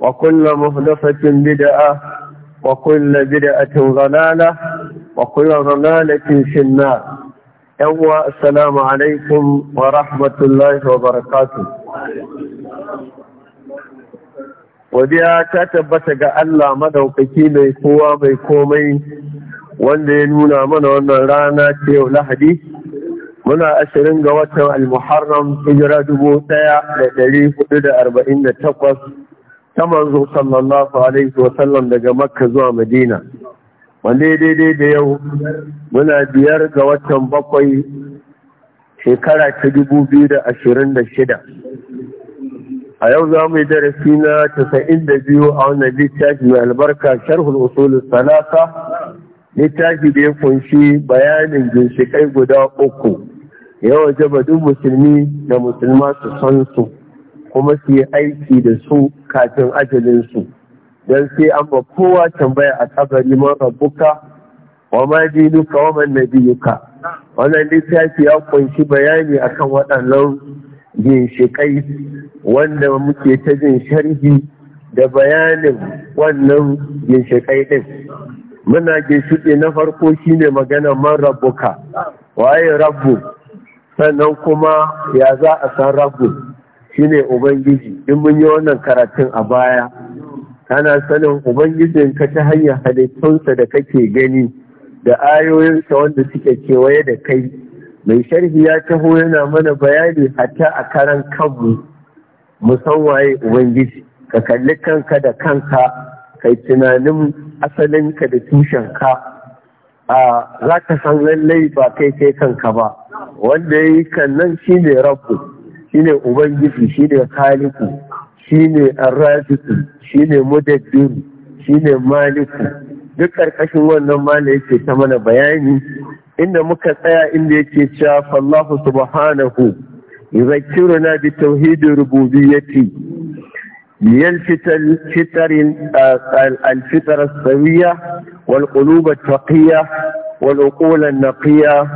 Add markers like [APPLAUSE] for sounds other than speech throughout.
وكل مهدفة بدعة وكل بدعة ضلالة وكل ضلالة في النار يوى السلام عليكم ورحمة الله وبركاته wadiya ta tabbata ga Allah maɗaukaki mai kowa mai komai wanda ya nuna mana wannan rana ta yau lahadi muna ashirin ga watan al-muharram hijira dubu ɗaya da ɗari hudu da arba'in da takwas ta manzo sallallahu alaihi sallam daga makka zuwa madina wanda daidai da yau muna biyar ga watan bakwai shekara ta dubu biyu da ashirin da shida a yau za mu yi darasi na tasa'in da biyu a wannan littafi mai albarka sharhul usulul salasa littafi da ya kunshi bayanin ginshikai guda uku ya jaba duk musulmi da musulma su san su kuma su yi aiki da su kafin ajalinsu don sai an ba kowa tambaya a kabari man rabbuka wa ma dinuka wa man nabiyuka wannan littafi ya kunshi bayani akan waɗannan ginshiƙai wanda muke ta jin sharhi da bayanin wannan ginshiƙai ɗin muna ginshiƙi na farko shine magana man rabbuka waye rabbu sannan kuma ya za a san rabbu shine ubangiji in mun yi wannan karatun a baya kana sanin ubangijin ka ta hanyar halittunsa da kake gani da ayoyinsa wanda suke kewaye da kai mai sharhi ya taho yana mana bayani hatta a karan kanmu waye ubangiji ka kalli kanka da kanka kai tunanin asalinka da tushenka a za ka san lallai ba kai kai kanka ba wanda ya yi kan nan shi ne rabu ne ubangiji shine khaliku shi arraziku shine shi shine maliku duk ƙarƙashin wannan mala yake ta mana bayani inda muka tsaya inda yake cewa fallahu subhanahu na bi tauhid rububiyyati ليلفت الفطر الفطر السوية والقلوب التقية والعقول النقية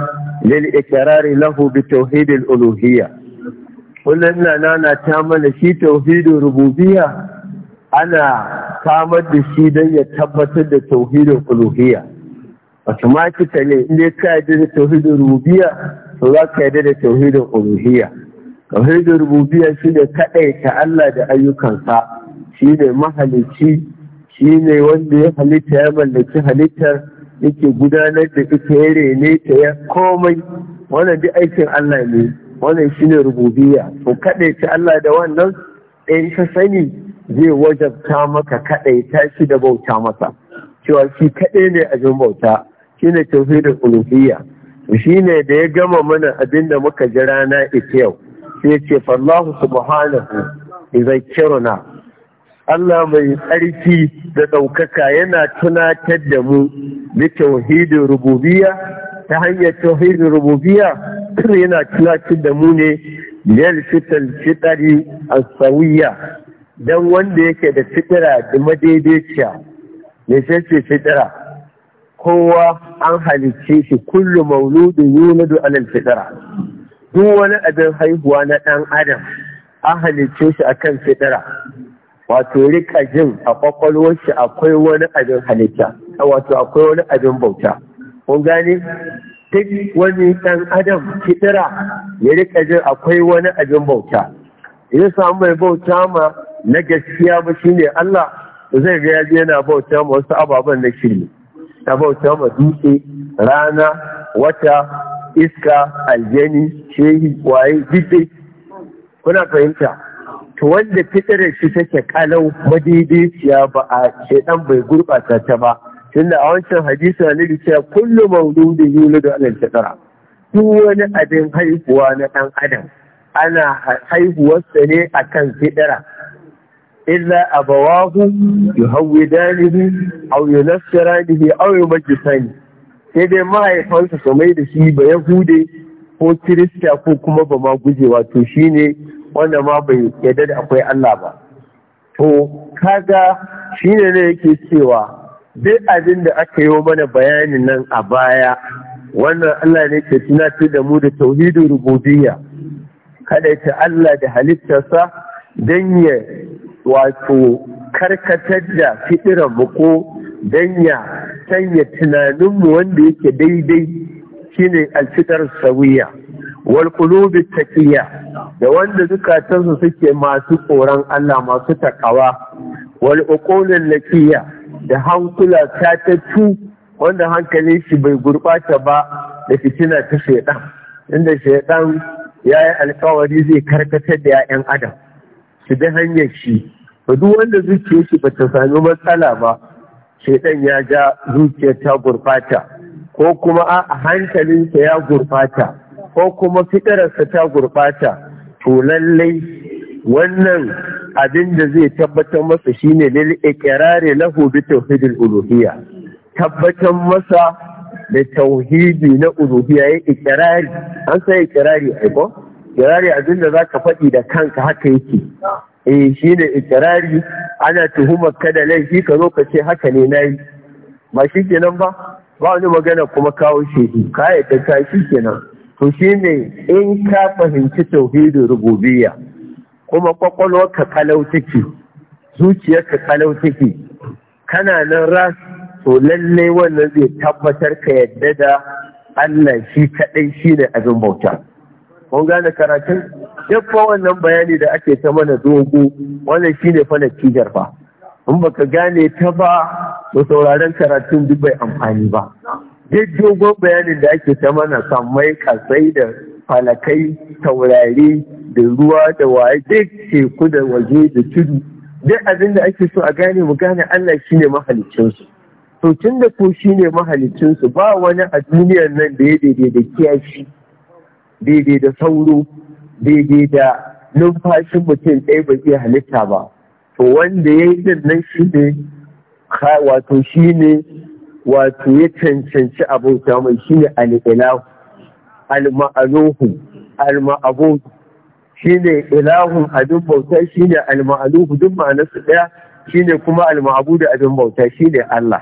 lahu bi بتوحيد الألوهية wannan ina nana ta mana shi tauhidin rububiya ana samar da shi don ya tabbatar da tauhidin uluhiyya ne? in ka yarda da tauhidin rububiya to za ka yarda da tauhidin uluhiyya tauhidin rububiyya shine ta Allah da ayyukansa ne mahalicci shi ne wanda ya halitta ya mallaki halittar yake gudanar da ita ya rene ta ya komai wannan duk aikin Allah ne wannan shine rububiyya ko kaɗaita ci Allah da wannan in ka sani zai wajabta maka kaɗaita ta shi da bauta masa cewa shi kaɗai ne abin bauta shine tauhidul uluhiyya to shine da ya gama mana abin da muka ji rana ita yau sai ce fallahu subhanahu kiruna Allah mai tsarki da ɗaukaka yana tunatar da mu bi tauhidin rububiyya ta hanyar tauhidin rububiyya yana tunatar da mu ne liyar fitar fitari asawiyya don wanda yake da fitara da madaidaiciya ne sai ce kowa an halicce shi kullum mauludin yunadu alal fitara. duk wani abin haihuwa na ɗan adam an halicce shi akan fitara. wato rika jin a kwakwalwar shi akwai wani abin halitta wato akwai wani abin bauta kun gani duk wani ɗan adam kitira ya rika jin akwai wani abin bauta ya samu mai bauta ma na gaskiya ba shine Allah zai ga yaji yana bauta ma wasu ababen na shirme na bauta ma dutse rana wata iska aljani shehi waye dutse kuna fahimta to wanda fitirar shi take kalau madaidaiciya ba a shedan bai gurbata ta ba tunda a wancan hadisi annabi cewa kullu mawludi yuladu ala al duk wani abin haihuwa na ɗan adam ana haihuwarsa ne akan fidara illa abawahu yuhawwidanihi aw yunassiranihi aw yumajjisani sai dai mahaifansa su mai da shi ba ya yahude ko kirista ko kuma ba ma guje wato shine wanda ma bai yarda da akwai Allah ba to kaga shine ne yake cewa duk abin da aka yi mana bayanin nan a baya wannan Allah ne ke tunatar da mu da tauhidin rububiyya kada ta Allah da halittarsa don ya wato karkatar da fitiran mu ko don ya sanya tunaninmu wanda yake daidai shine alfitar sawiya wal qulubi taqiya da wanda zukatansu suke masu tsoron Allah masu takawa wal uqulul laqiya da hankula ta tu, wanda hankalin shi bai gurɓata ba da fitina ta shaidan inda shaidan ya yi alkawari zai karkatar da 'ya'yan adam su bi hanyar shi ba duk wanda zuciyar shi ba ta sami matsala ba shaiɗan ya ja zuciyar ta gurɓata ko kuma a hankalinsa ya gurɓata ko kuma fitararsa ta gurɓata to lallai wannan abin da zai tabbatar masa shine lil Ikirari lahu bi tauhidil uluhiyya tabbatar masa da tauhidi na uluhiyya ya ikirari. an sai Ikirari ai ko ikirari abin da zaka faɗi da kanka haka yake eh shine Ikirari ana tuhumar kada laifi ka zo ka ce haka ne nayi ba shi nan ba ba wani magana kuma kawo shehi ka yi ta shi kenan to shine in ka fahimci tauhidin rububiyya kuma kwakwalwarka kalau take zuciyarka kalau take kana nan ras to lalle wannan zai tabbatar ka yadda da Allah shi kaɗai shi ne abin bauta. Kun gane karatun? Duk fa wannan bayani da ake ta mana dogo wannan shi ne fana cijar fa. In baka gane ta ba to sauraron karatun duk bai amfani ba. Duk dogon bayanin da ake ta mana sammai kasai da falakai taurari da ruwa da waye duk teku da waje da tudu duk abin da ake so a gane mu gane Allah shine mahalicinsu to tun da ko shine mahalicinsu ba wani a duniyar nan da ya daidai da kiyashi daidai da sauro daidai da numfashin mutum ɗaya ba zai halitta ba to wanda ya yi nan shi ne wato shi ne wato ya cancanci abota mai shi ne al-ilahu al-ma'aluhu al-ma'abudu shine ilahun abin bauta shine alma'aluhu duk ma'anarsu ɗaya shine kuma da abin bauta shine Allah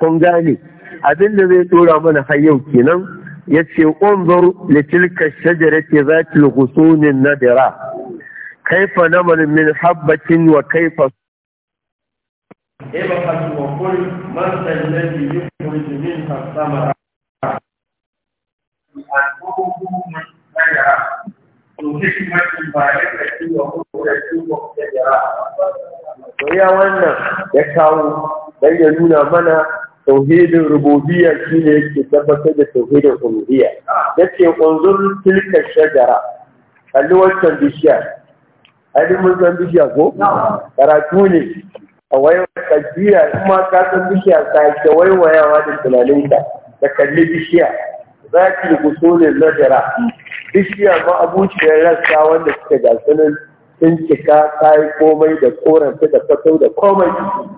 kun gane abin da zai dora mana har yau kenan yace ce unzur li tilka shajarati zati al-ghusunin nadira kaifa namal min habbatin wa kaifa ابحث وقل من الذي يخرج منها الثمرة ya wannan ya kawo don ya nuna mana tauhidin rububiyya shi ne yake tabbatar da tauhidin uluhiyya ya ce tilka shajara kalli wannan bishiya ainihin mun san bishiya ko karatu ne a wayan kajiya in ma ka san bishiya ka ke waiwayawa da tunaninka da kalli bishiya za ki gusulin najara Bishiyar ma abuciyar rassa wanda suke gasanin sun cika ta yi komai da koranta da fato da komai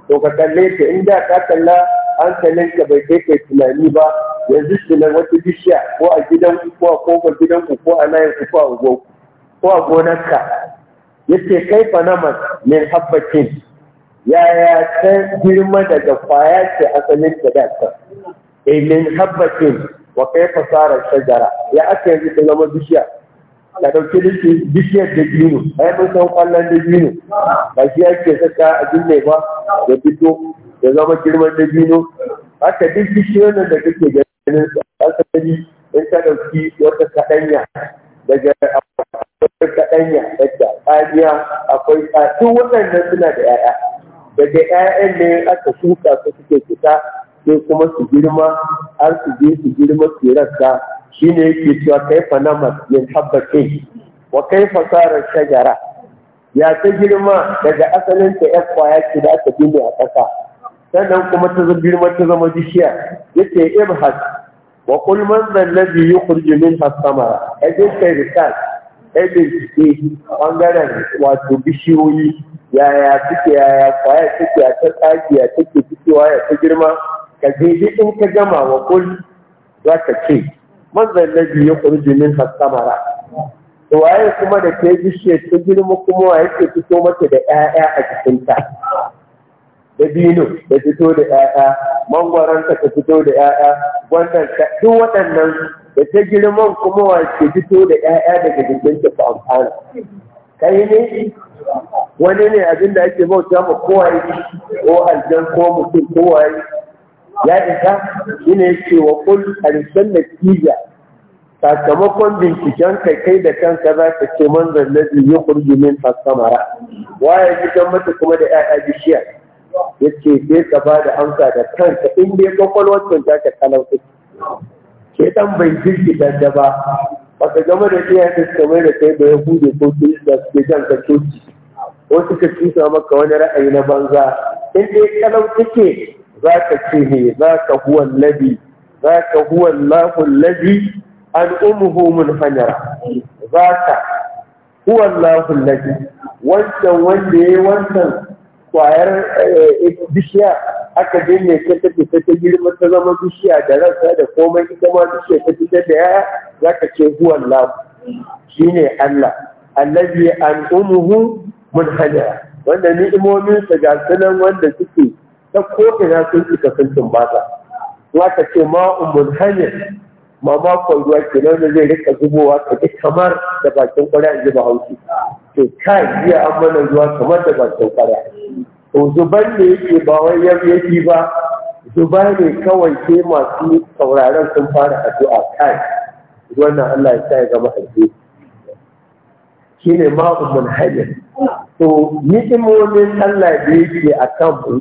to ka kalle ta inda ka kalla hankalin ka bai kai kai tunani ba yanzu tunan wata bishiya ko a gidan ko a kofar gidan ku ko a layin ku ko a ugo ko a gonarka ce, kai fa min yaya ta girma daga kwaya ce asalin ta da ta eh, min habbatin wa kai fasarar shajara ya aka yanzu ta zama bishiya ka ɗauki dake bishiyar da bino ai mun san kwallon da ba shi ake saka a jinne ba ya fito ya zama girman da bino haka duk bishiyoyin da kake ganin asali in ka ɗauki wata kaɗanya daga akwai kaɗanya daga tsaniya akwai tsakin waɗannan suna da 'ya'ya daga 'ya'yan ne aka shuka su suke fita sai kuma su girma har su je su girma su rassa shi ne yake cewa fa na yin habbatin wa kaifa sarar shajara ya ta girma daga asalin ta yan kwaya ce da aka gini a ƙasa sannan kuma ta girma ta zama bishiya yake ibhas wa kul man dhal ladhi yukhrij min as-samara ajin kai risal kai bincike bangaren wato bishiyoyi yaya suke yaya kwaya suke a ta tsaki ya take fitowa ya ta girma ka je in ka gama wa kul za ka ce man na biyu kuri min hasamara da waye kuma da ke bishe ta girma kuma waye ke fito mata da 'ya'ya a jikinta da biyu da fito da 'ya'ya mangwaranta ta fito da 'ya'ya wannan duk waɗannan da ta girman kuma wa ke fito da 'ya'ya daga jikinta ta amfana kai ne wani ne abin da ake bauta ma kowai, ko aljan ko mutum kowaye ya isa shine yake wa kul karshen natija sakamakon binciken kai kai da kanka za ka ce manzan nabi ya kurji min fasamara waye fitan mata kuma da 'ya'ya bishiya ya ce sai ka ba da amsa da kanka in dai kwakwalwacin ta ka talauta ke dan bai jirgita da ba ba ka gama da iya ta mai da kai da ya bude ko da suke jan ka coci ko suka cusa maka wani ra'ayi na banza in dai talauta ke ذاك فيه ذاك هو الذي ذاك هو الله الذي أن أمه huwan ذاك labi wancan wanda ya yi wancan kwayar bishiya aka binne ta tafi ta ta girma ta zama bishiya da rasa da komai ita ma bishiya ta fitar da yaya za ka ce huwan lahu shi ne Allah allazi an umuhu mun hanyar wanda ni'imominsa ga sunan wanda suke ta ko na sun ci kasancin bata wata ce ma ma mamakon ruwa ke nan da zai rika zubowa ka ji kamar da bakin kwarya a ji ba haushi to kai jiya an mana ruwa kamar da bakin kwarya to zuban ne yake ba wai yam yake ba zuba ne kawai ke masu sauraron sun fara addu'a kai wannan Allah ya sa ya zama ne shine ma'un hanyar. to ni'imomin Allah da yake akan mu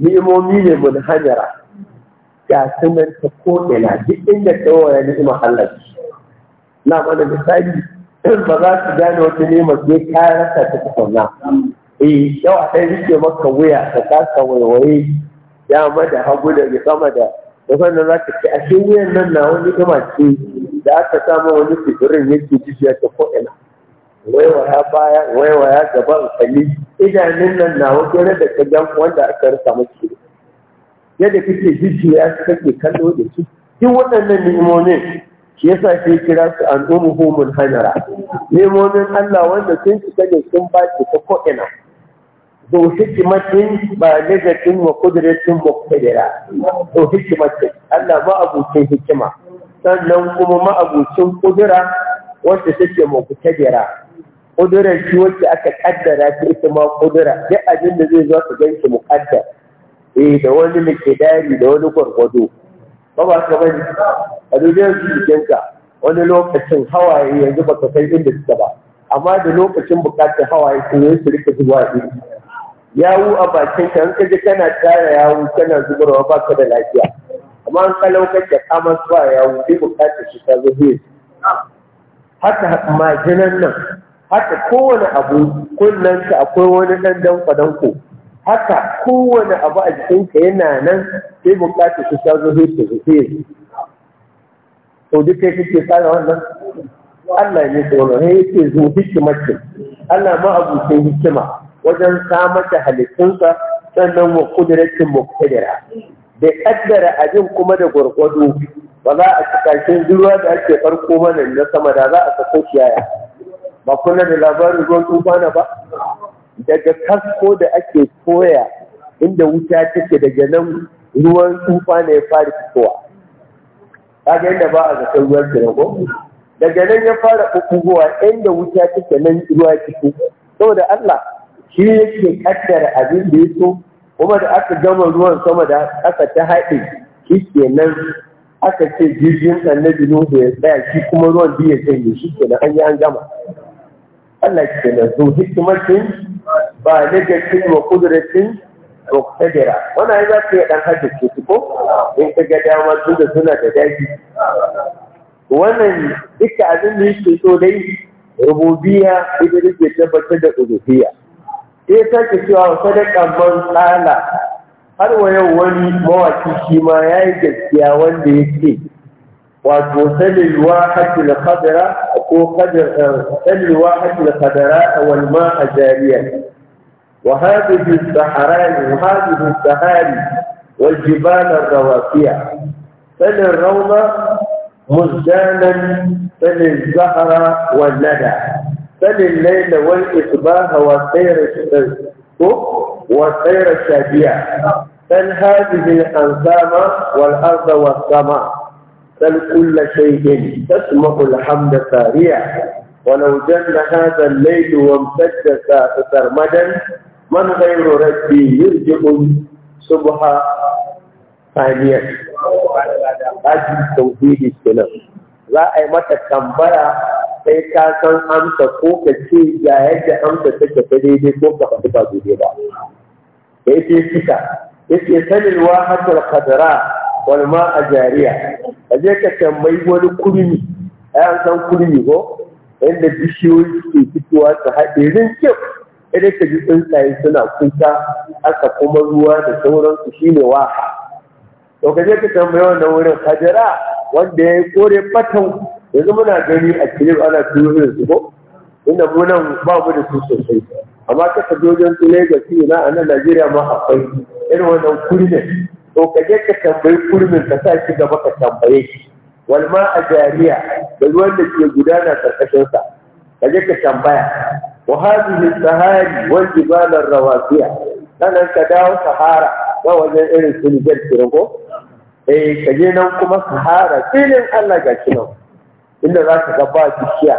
ni'imomi ne mun hanyara ya sunan ta ko'ina duk inda tsawaya ni Allah na mana misali [CLEARS THROAT] ba za su gane wata nema sai ta rasa ta tafauna eh yau a kai rike maka wuya ka kasa waiwaye dama da hagu da sama da da sannan za ka ce a cikin wuyan nan na wani gama ce da aka samu wani fitirin yake ya ta ko'ina waiwaya baya waiwaya gaban kalli idanun nan na wajen da ka gan wanda aka rasa miki yadda kake jijjiya su kake kallo da su duk waɗannan ni'imomin shi yasa sai kira su an umuhu mun hanara ni'imomin Allah wanda sun ci ne sun ba ki ta ko ina zo hikimatin ba lagatin wa kudratin muqtadira zo hikimatin Allah ba abucin hikima sannan kuma ma abucin kudura wanda take muqtadira kudurar shi wacce aka kaddara ta ita ma kudura duk abin da zai zo su ganki muqaddar eh da wani mikidari da wani gwargwado ba ba ka bari a duniyar jikinka wani lokacin hawaye yanzu ka kai inda suka ba amma da lokacin bukatar hawaye sun yi su rika zuwa ɗin yawu a bakin ka in kaje kana tara yawu kana zubarwa ba ka da lafiya amma an kalau kake kamar zuwa yawu sai bukatar shi ta zo haka jinan nan haka kowane abu kunnanka akwai wani ɗan danko danko haka kowane abu a jikinka yana nan sai bukatar su ta zuwa su su sai to duk kai kake tsara wannan Allah ne ke wannan sai yake zo hikimatin Allah ma abucin hikima wajen samar da halittunsa sannan wa kudratin muqtadira da kaddara abin kuma da gwargwado ba za a cikakken shi ruwa da ake farko mana na sama da za a sako shi ba kuna da labarin ruwan tufana ba daga kasko da ake koya inda wuta take daga nan ruwan tufana ya fara fitowa kaga inda ba a zaton ruwan tirago daga nan ya fara ɓuɓɓugowa inda wuta take nan ruwa fito saboda Allah shi yake kaddara abin da ya so kuma da aka gama ruwan sama da aka ta haɗe shi nan aka ce jirgin annabi Nuhu ya tsaya shi kuma ruwan biyu ya canje shi kenan an yi an gama Allah ke da zo hikimatin ba nagatin wa kudratin muqtadira wannan ya zaka ya dan haddace su ko in ka ga dama tun da suna da daji wannan duka abin da yake so dai rububiya idan yake tabbatar da rububiya sai sake cewa sadaka man tsala har wa yau wani mawaki shi ma yayi gaskiya wanda yake وتسل الواحد لخضرة آه، وقدر تسل الواحد لخضرة والماء جاريا وهذه الصحراء وهذه السهاري والجبال الرواسية تل الروضة مزدانا تل الزهرة والندى تل الليل والإصباح والسير الشتوء والسير الشادية تل هذه الأنسام والأرض والسماء بل كل شيء تسمع الحمد سريع ولو جل هذا الليل وامتد سرمدا من غير ربي يرجع صبح ثانيا هذه التوحيد السلام لا أي متى تنبرا sai ka san amsa ko ka ce ga yadda amsa take ta daidai ko ka faɗi ba daidai ba. Ya ce suka, ya ce sanin wahatul kadara wal a jariya a je ka tambayi wani kurmi a an san kurmi ko inda bishiyoyi ke fitowa su haɗe kyau idan ka ji tsuntsaye suna kuka aka kuma ruwa da sauransu shine waha to ka je ka tambayi wani wurin hajara wanda ya yi kore fatan yanzu muna gani a kilif ana turo irin su ko inda mu ba mu da su sosai amma ka ka dojon su lagos na a nan najeriya ma akwai irin wannan kurmi to ka je ka tambayi kurmin ka sa shi gaba ka tambaye shi walma a jariya da ruwan da ke gudana sa ka je ka tambaya wa hadhihi sahari wal jibal ar rawasiya sanan ka dawo sahara ba wajen irin sulbel kiringo eh ka je nan kuma sahara filin Allah ga shi nan inda za ka ga ba bishiya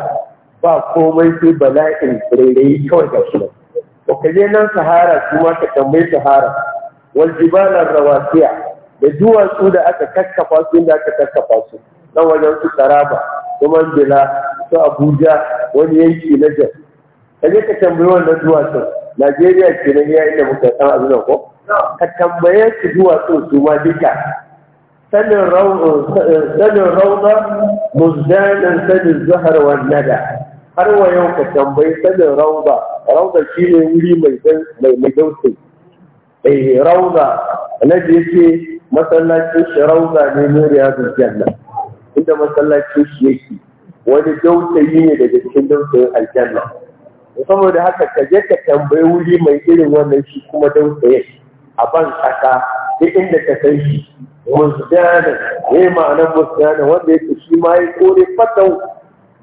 ba komai sai bala'in tsirrai kawai ga shi nan ka nan sahara kuma ka tambayi sahara wal jibala rawasiya da duwatsu da aka kakkafa su inda aka kakkafa su nan wajen su taraba su Bila, su abuja wani yanki na jas kaje ka tambayi wannan duwatsun najeriya ke nan ya inda muka san abin ko ka tambaye su duwatsun su ma duka sanin rauna muzdanin sanin zahar wannada har wa yau ka tambayi sanin rauba rauba shi ne wuri mai mai eh rauza da yake masallacin shi rauza ne ne riyadul janna inda masallacin shi yake wani yi ne daga cikin dautayin aljanna saboda haka ka je ka tambayi wuri mai irin wannan shi kuma dautaye a ban kasa duk inda ka san shi musdanin ne ma'anar musdanin wanda yake shi ma ya kore fatau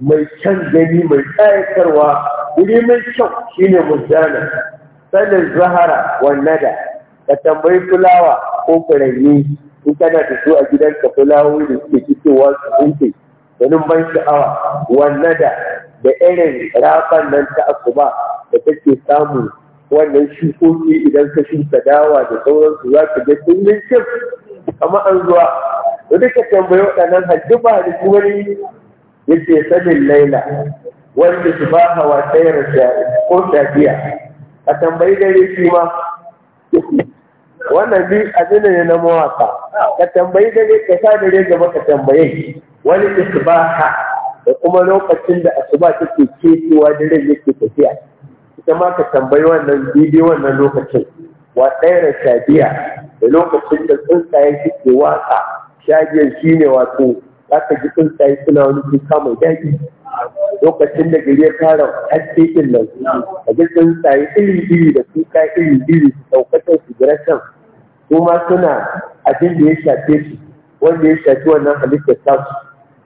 mai can gani mai tsayatarwa wuri mai kyau shine musdanin sanin zahara wannan ka tambayi fulawa ko furanni in kana da su a gidanka fulawoyi da suke fitowa su tsinke ganin ban sha'awa wannan da da irin rafan nan ta asuba da take samun wannan shukoki idan ka shuka dawa da sauransu za ka ga tullin cin kamar an zuwa da duka tambayi waɗannan hajjuba da wani yake sanin laila wanda su ba hawa tayar ko tafiya a tambayi dare shi ma wannan bi zina ne na mawaka ka tambayi dare ka sa dare gaba ka tambaye wani isbaha da kuma lokacin da asuba take da dare yake tafiya ita ma ka tambayi wannan bidiyo wannan lokacin wa shadiya shabiya da lokacin da tsuntsaye suke waka shi shine wato za ka ji tsuntsaye suna wani kuka mai daɗi lokacin da gari ya fara haske ɗin nan a ji tsuntsaye iri-iri da kuka iri-iri su ɗaukatar su jira can kuma suna abin da ya shafe su wanda ya shafi wannan halittar tasu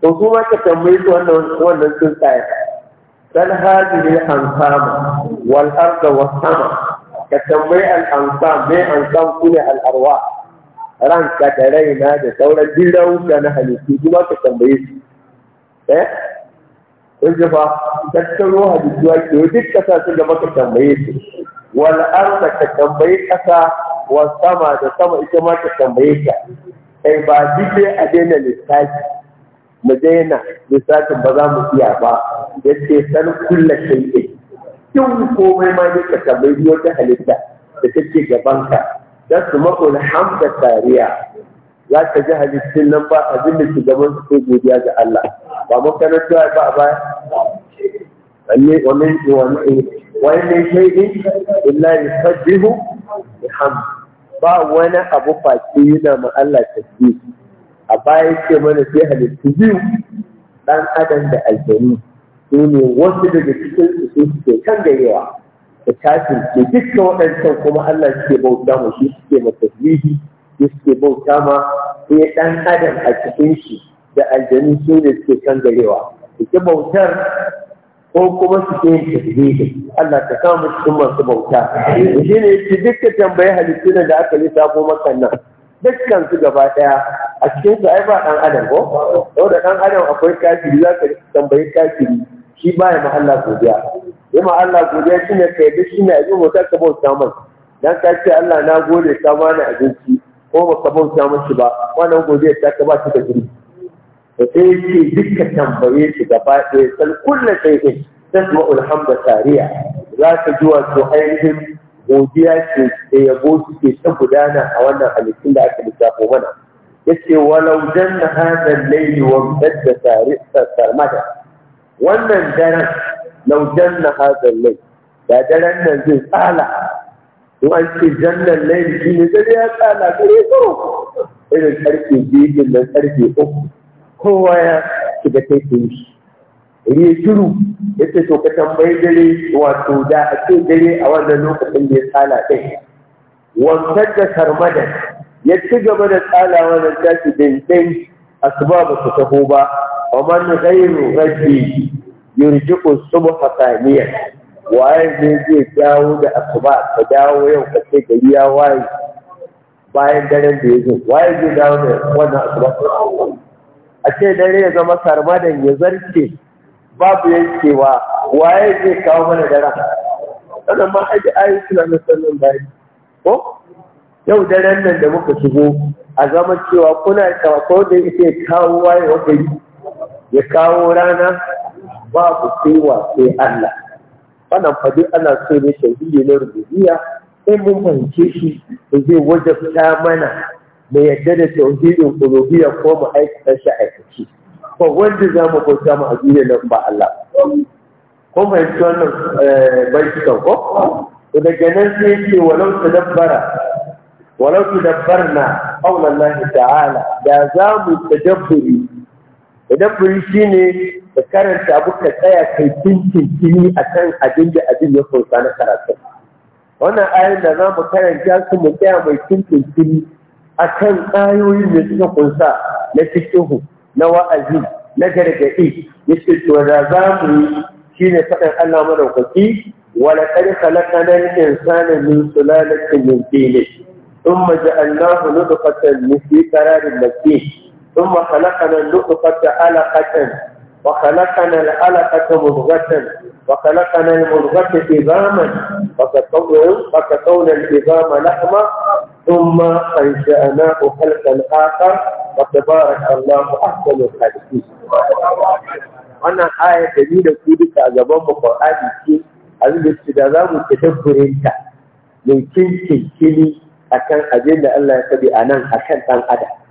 to kuma ka tambayi su wannan wannan tsuntsaye Haji ne an sama wal arda wasu sama ka tambayi al-ansam me ansam kune al-arwa ka da raina da sauran jirauka na halittu kuma ka tambayi su eh kun ji fa tattaro halittu ake duk kasa su ga maka tambaye su wal arda ka tambayi kasa wa sama da sama ita ma ta tambaye ka kai ba dike a daina lissafi mu daina lissafin ba za mu iya ba yace san kullu ne kin komai ma ne ka tambayi wata halitta da take gabanka da su hamda tariya za ka ji halittun nan ba a abin su gaban su sai godiya ga Allah ba makaranta ba ba wanne wanne wani ne ne illa yusabbihu bihamdi ba wani abu face yana ma Allah tafi a baya ce mana sai halittu biyu dan adam da aljanu su ne wasu daga cikin su su suke kan da tashin ke dukkan waɗancan kuma Allah suke bauta mu shi suke ma tasbihi shi suke bauta ma sai dan adam a cikin shi da aljanu su ne suke kan garewa ita bautar ko kuma su ce tasbihi Allah ta kama mu cikin masu bauta shi ne shi dukkan tambayi halittun da aka lissafo maka nan dukkan su gaba daya a cikin su ai ba dan adam ko yau da dan adam akwai kafiri za ka tambayi kafiri shi ba ya mahalla godiya ma Allah godiya shi ne ka yadda shi ne abin mota ka bauta dan ka ce Allah na gode ka bani abinci ko ba ka bauta shi ba wannan godiya ta ka ba shi da girki da sai ce duka tambaye shi gaba ɗaya sal kullu shay'in ulham da tariya za ka ji wato ainihin godiya ce da yabo suke ta gudana a wannan halittun da aka lissafo mana ce walau janna na al-layl wa badda da sarmada wannan daren lau na hadha al da daren nan zai tsala ko an ce jannan layl shi ne dare ya tsala gare ko irin karfe biyu na karfe uku kowa ya shiga taifin shi ya shiru ya ce to ka tambayi dare wato da a ce dare a wannan lokacin da ya tsala ɗai wancan da sarmadan ya ci gaba da tsala da tashi a su ba su taho ba wa man ghairu rabbi yurji'u subha thaniya waye ne zai dawo da asuba ka dawo yau ka ce gari ya waye bayan daren da ya zo waye zai dawo da wannan asuba a ce dare ya zama karmadan ya zarce babu yankewa waye zai kawo mana dara sannan ma aji ayi suna na sannan bayi ko yau daren nan da muka shigo a zama cewa kuna kawo ko da yake kawo waye wata yi ya kawo rana babu sai sai Allah wannan fadi ana so ne shahidi na rububiya sai mun fahimce shi da zai wajabta mana mu yadda da tauhidin uluhiyya ko mu aikata shi aikaci Ko wanda za mu bauta mu a nan ba Allah ko fahimci wannan eh, baitukan ko to daga ganin sai yake walau su dabbara walau su dabbarna qaulan Allah ta'ala da za mu tadabburi tadabburi shine ka karanta abu ka tsaya kai tintintini akan abin da abin ya kunsa na karatu wannan ayin da za mu karanta su mu tsaya mai tintintini akan tsayoyin da suka kunsa na fitihu na wa'azi na gargaɗi yake to da za mu yi shine faɗin Allah madaukaki wala qad khalaqana al-insana min sulalatin min tin thumma ja'alnahu nutfatan fi qararin makin thumma khalaqana nutfata 'alaqatan وخلقنا العلقة مضغة وخلقنا المضغة عظاما فكسونا العظام لحما ثم أنشأناه خلقا آخر وتبارك الله أحسن الخالقين. wannan aya da ni da ku duka a gaban mu Qur'ani ce abin da su da zamu tadabburin ta mai kinkini akan abin da Allah ya sabi anan akan ɗan ada.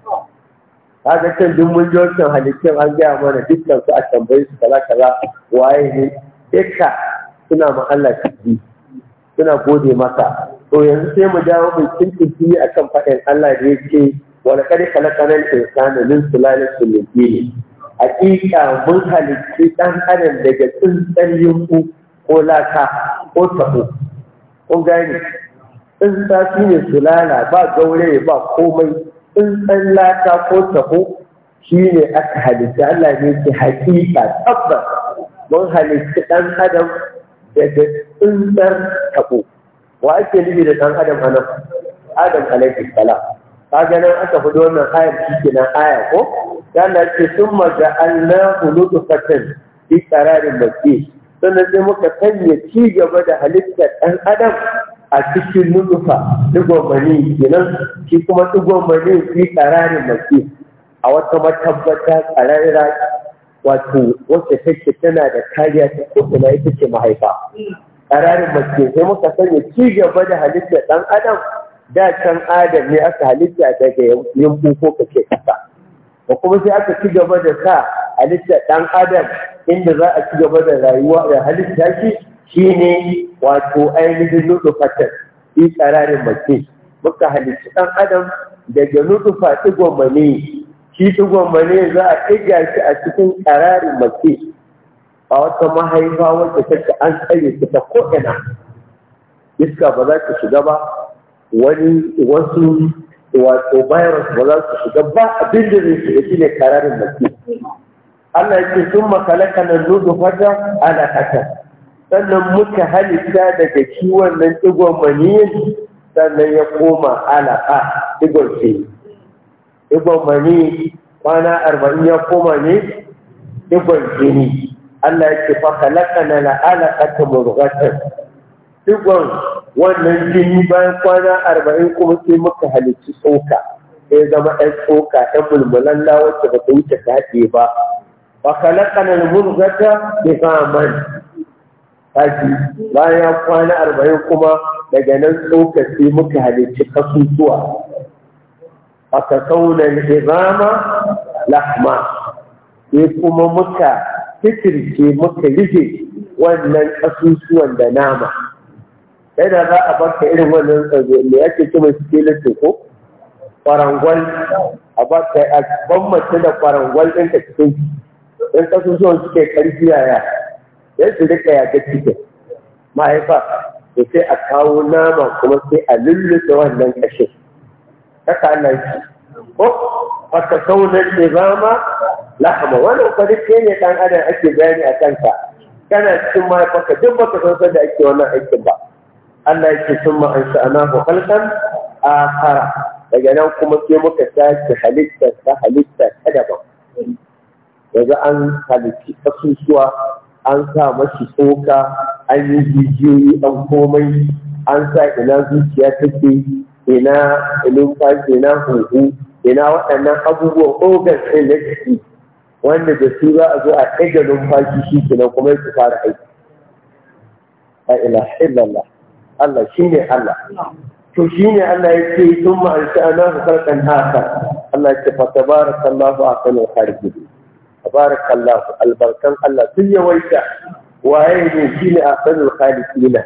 kaga can duk mun wancan halittun an gaya mana dukkan su a tambayi su kaza kaza waye ne duka suna ma Allah suna gode masa to yanzu sai mu dawo mu a akan faɗin Allah da yake wala kad khalaqana al-insana min sulalatin min tin hakika mun halitti dan adam daga tsuntsan yunku ko laka ko tabo ko gane ne shine sulala ba gaure ba komai tsuntsan lata ko taho shi ne aka halitta Allah ne ke hakika tabbas mun halitta ɗan adam daga tsuntsar taɓo wa ake nufi da ɗan adam anan adam alaihi salam kaga nan aka fi wannan ayar shi kenan aya ko yana ce sun maga Allah hulutu fatan fi tsararin mace sannan sai muka sanya ci gaba da halittar ɗan adam a cikin nutsufa digon kenan shi kuma digon mani fi mace a wata matabbata tsararra wato wacce take tana da kariya ta na ita ce mahaifa tsararin mace sai muka sanya ci gaba da halitta ɗan adam da can adam ne aka halitta daga yin ko kake kasa Ba kuma sai aka ci gaba da sa halitta ɗan adam inda za a ci gaba da rayuwa da halitta shi Shi ne wato ainihin nudufatar yi tsararin mace muka halitta ɗan adam daga nudufa ɗigon mani shi ɗigon mani za a ɗiga shi a cikin tsararin mace a wata mahaifa wacce take an tsaye ta ta ko'ina iska ba za ta shiga ba wani wasu wato virus ba za su shiga ba abin da zai shiga shi ne tsararin mace Allah ya ce sun makalaka na nudufa fata ana haka sannan muka halitta daga ciwon nan digon maniyin sannan ya koma alaƙa digon ce digon mani kwana arba'in ya koma ne digon jini Allah ya ce fa na la ta murgatar digon wannan jini bayan kwana arba'in kuma sai muka halitta tsoka sai zama ɗan tsoka ɗan bulbulalla wacce ba ta wuce ta ba fa khalaqana al-murghata bihaman tashi bayan kwana arba'in kuma daga nan tsokaci muka halicci kasusuwa aka saunan izama lahma sai kuma muka fitirce muka rige wannan kasusuwan da nama yana za a baka irin wannan tsazo me yake ce mai skeleton ko kwarangwal a baka a ban mace da kwarangwal ɗinka cikin in kasusuwan suke karfi yaya sai su rika ya cikin mahaifa da sai a kawo nama kuma sai a lulluta wannan kashin haka Allah yake ko oh, fata saunar ma lahama wannan kwarike ne dan adam ake bayani a kanka kana cikin mahaifarka duk baka san da ake wannan aikin ba Allah yake sun ma'ansa anahu kalkan akara daga nan kuma sai muka sake halitta ta halitta ta daban daga an halitti kasusuwa an sa mashi tsoka an yi jijiyoyi an komai an sa ina zuciya take ina numfashi ina huhu ina waɗannan abubuwan ogan ɗin wanda da su za a zo a ɗaga numfashi shi kenan kuma su fara aiki a ila illallah Allah shi ne Allah to shi ne Allah ya ce sun ma'anci ana su karkan haka Allah ya ce bara tabarakallahu a kanin harbi tabarakallahu albarkan Allah sun yawaita waye ne shine asanul khaliqina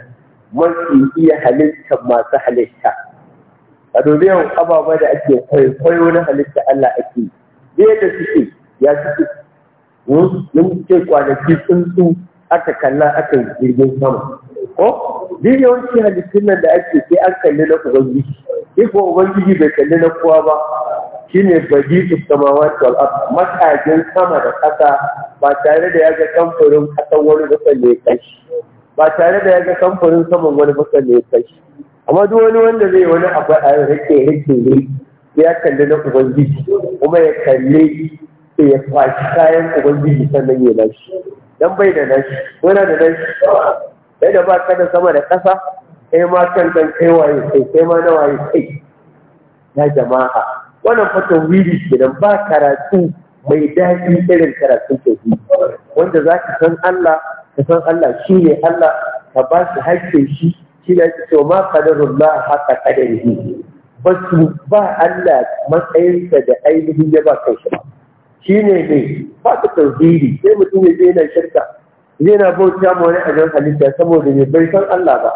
mafi iya halitta masu halitta a dubi yau ababa da ake kwaikwayo na halitta Allah ake da da suke ya suke mun ce kwanaki tsuntsu aka kalla aka jirgin sama ko duk yawanci halittun nan da ake sai an kalli na ubangiji duk ubangiji bai kalli na kowa ba shine bagisu samawati wal ard matakin sama da kasa ba tare da yaga kamfurin kasan wani ba sanne kai ba tare da yaga kamfurin saman wani ba sanne kai amma duk wani wanda zai wani abu a rike rike ne ya kalli na ubangiji kuma ya kalli sai ya kwashi kayan ubangiji sannan ya nashi dan bai da nashi wani da nashi sai da ba ka da sama da kasa kai ma kan dan kai waye kai kai ma na waye kai ya jama'a wannan fa tauhidi kenan ba karatu mai daɗi irin karatun tauhidi wanda za ka san Allah ka san Allah shi ne Allah ka ba shi haƙƙin shi shi ne ake cewa ma qadarullah haka qadarihi ba su ba Allah matsayinsa da ainihin ya ba kai shi ba shi ne ne ba ka tauhidi sai mutum ya je yana shirka na bauta ma wani ajiyar halitta saboda bai bai san Allah ba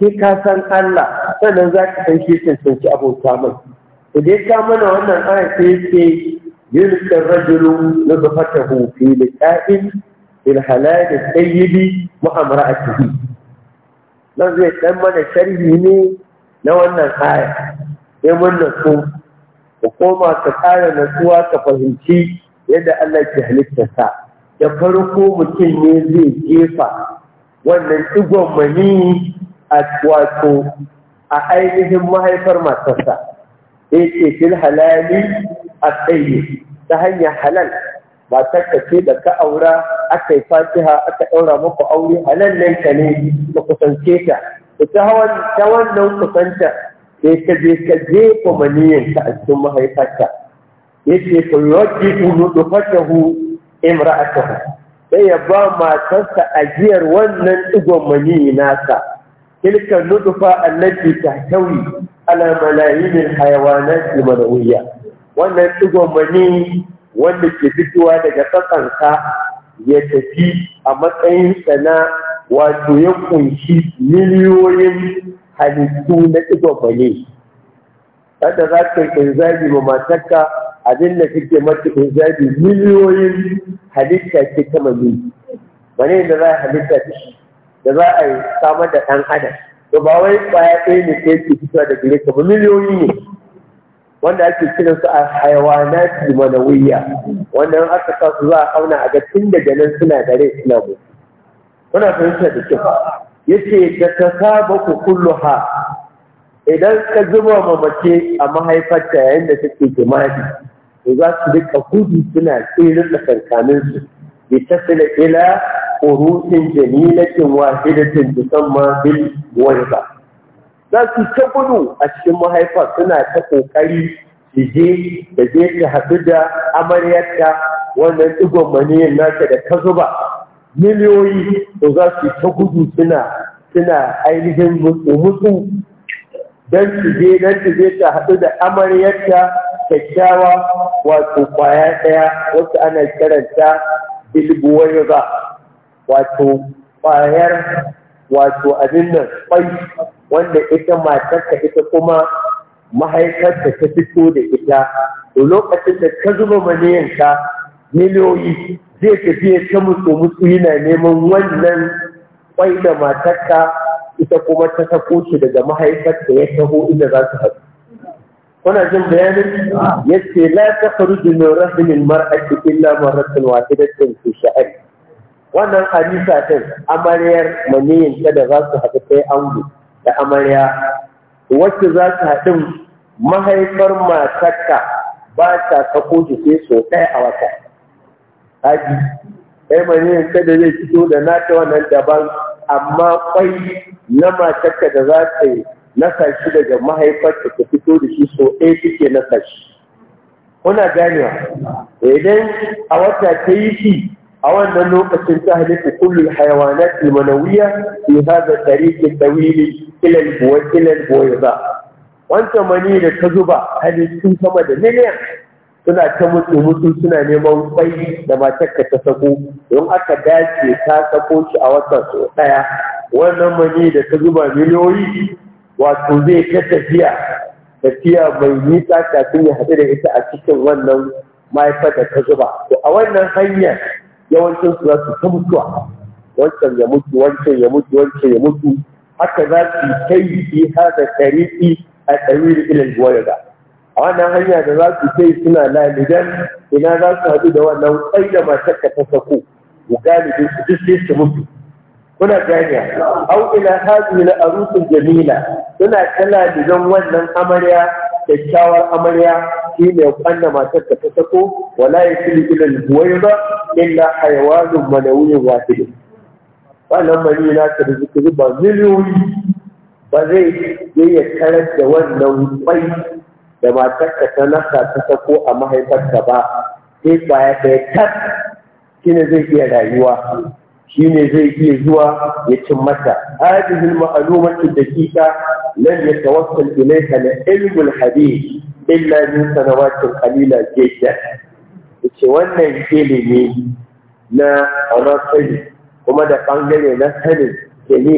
sai ka san Allah sannan za ka san shi cancanci abota mai idan ta mana wannan aya ce yake yulqa da nuzfatahu fi liqa'in bil halal a mu'amra'atihi nan zai ɗan mana sharhi ne na wannan aya sai mun nasu ka koma ka kara nasuwa ka fahimci yadda Allah ke halittarsa da farko mutum ne zai jefa wannan igon mani a wato a ainihin mahaifar matarsa yace fil halali a tayyib ta hanyar halal matar ka ce da ka aura aka yi fatiha aka ɗaura muku aure halal ne ka ne ka kusance ta ita hawan ta wannan kusanta sai ka je ka jefa maniyan ta a cikin mahaifarta yace ku yaddi uludufatahu imra'atahu sai ya ba matarsa ajiyar wannan digon maniyi naka tilka nudufa allati tauri. ala malayin hayawanat limanawiyya wannan digon mani wanda ke fitowa daga tsakanka ya tafi a matsayin sana wato ya kunshi miliyoyin halittu na digon mani kada za ka kinzabi ma matarka abin da kake mata kinzabi miliyoyin halitta ke ta mani da za a halitta da shi da za a yi samar da ɗan adam to ba wai kwaya ɗaya ne ke ke fitowa da gare ka ba miliyoyi ne wanda ake kiran su a haiwanati manawiya wanda in aka sa su za a auna a ga tun daga nan suna gare rai suna mutu kuna fahimta da kyau yace da ta saba ku kulluha idan ka zuba ma mace a mahaifarta yayin da take jima'i to za su rika kudu suna tsirin tsere su. لتصل إلى قروس جميلة واحدة تسمى بالوهبة za su ta gudu a cikin mahaifa suna ta kokari su je da je ta haɗu da amaryarta wannan ɗigon maniyin nata da ta miliyoyi to za su ta gudu suna suna ainihin mutu don su don su ta haɗu da amaryarta kyakkyawa wato kwaya ɗaya wasu ana kiranta ya ba wato bayar wato abin nan kwai wanda ita matarka ita kuma mahaifarta ta fito da ita to lokacin da ka zuba maniyanka miliyoyi zai tafiya ta musu musu yana neman wannan kwai da matarka ita kuma ta sako shi daga mahaifarta ya taho inda za su haɗu kuna jin bayanin ce, la takhruju min rahmin mar'ati illa da cin su sha'ari wannan hadisa din amaryar maniyin ta da za su haɗu sai ango da amarya wacce za su haɗu mahaifar matarka ba ta kako sai so ɗaya a wata haji sai maniyin ta da zai fito da nata wannan daban amma kwai na matarka da za ta nasa shi daga mahaifar da ta fito da shi so ɗaya suke nasa shi kuna ganewa idan a wata ta yi shi a wannan lokacin ta halittu kullum hayawanat almanawiya fi hadha da tsari ke tsawili al-buwa wancan mani da ta zuba halittun sama da miliyan suna ta mutu mutu suna neman kwai da matarka ta sako don aka dace ta sako shi a wata so daya wannan mani da ta zuba miliyoyi wato zai ta tafiya tafiya mai nisa kafin ya haɗu da ita a cikin wannan mahaifar da ta zuba to a wannan hanyar yawancin su za su ta mutuwa wancan ya mutu wancan ya mutu wancan ya mutu haka za su kai yi da tariki a tsariri ilal buwarda a wannan hanya da za su kai suna lalidan ina za su haɗu da wannan kwai da matar ka ta sako galibi su duk sai su mutu kuna gani au ila a al jamila suna kala dinan wannan amarya kyakkyawar amarya shi ne wanda matar ta sako wala yasil ila buwayda illa hayawanun manawiyin wahid wannan mani na ta rizki ba miliyoyi ba zai yi ya karar da wannan kwai da matar ka ta nasa ta sako a mahaifarta ba sai ba ya tas shi ne zai iya rayuwa shi ne zai iya zuwa ya cin mata hadhihi malumatu daqiqa lan yatawassal ilayha ilaiha na al-hadith illa min sanawatin qalila jiddan yace wannan ilimi na rasali kuma da bangare na sanin kemi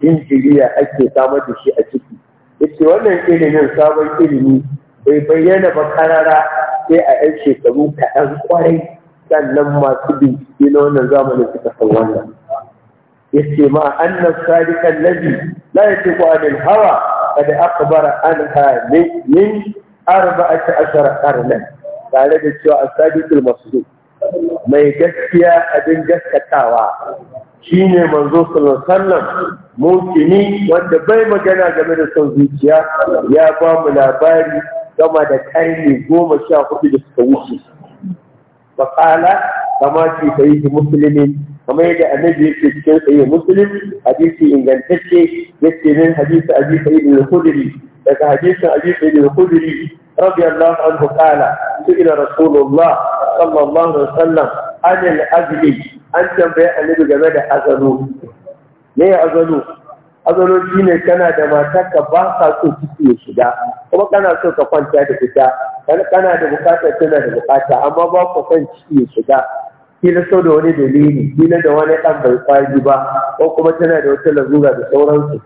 jiriya ake samar da shi a ciki yace wannan ilimin sabon ilimi bai bayyana ba sai a 'yan shekaru kaɗan kwarai sannan masu bincike na wannan zamanin suka san wannan yace ma annan sadikan nabi la yatiqu anil hawa qad an anha min arba'ati ashara qarnan tare da cewa a sadiqul masu mai gaskiya abin gaskatawa shine manzo sallallahu alaihi wanda bai magana game da son zuciya ya ba mu labari gama da ƙarni goma sha hudu da suka wuce فقال كما في صحيح مسلم كما يدعى النبي في صحيح مسلم حديث إن كان تشكي من حديث أبي سعيد الخدري لك حديث أبي سعيد الخدري رضي الله عنه قال سئل رسول الله صلى الله عليه وسلم عن الأجل أن تنبيع النبي جمال أزنو ليه أزنو azalo shine kana da matarka ba ka so ciki ya shiga kuma kana so ka dan kana da bukata tana da bukata amma ba ku san ciki ya shiga kila sau da wani dalili kila da wani dan bai kwaji ba ko kuma tana da wata larura da sauransu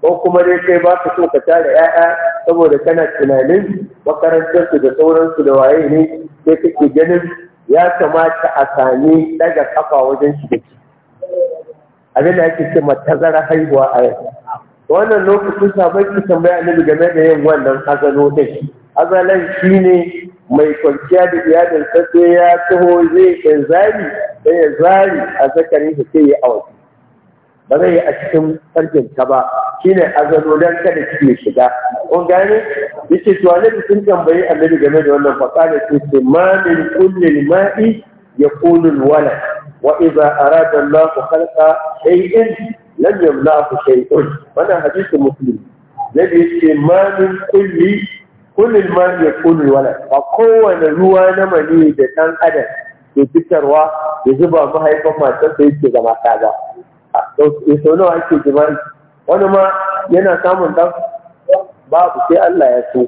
ko kuma dai kai ba ka so ka tare ƴaƴa saboda kana tunanin makarantarsu da sauransu da waye ne sai kake ganin ya kamata a sami daga kafa wajen shiga ciki abin da ake ce matazara haihuwa a yau wannan lokacin sabon ki tambaya annabi game da yin wannan hazano shi azalan shi ne mai kwanciya da iyalin sai ya taho zai in zari sai ya zari a zakarin shi sai ya awaki ba zai yi a cikin farkin ta ba ne azalo dan kada kike shiga kun gane yace to annabi sun tambayi annabi game da wannan faqala ce ma min kulli ma'i yaqulu al wa idha arada Allah khalqa shay'in lam yamna'hu shay'un wannan hadisin muslim nabi yace ma min kulli kullum ma ya kulli wala ba kowane ruwa na mani da ɗan adam ke fitarwa ya zuba mahaifan matar da yake zama ta ba ya eh, sau nawa ake jima'i wani ma yana samun dan babu sai Allah ya so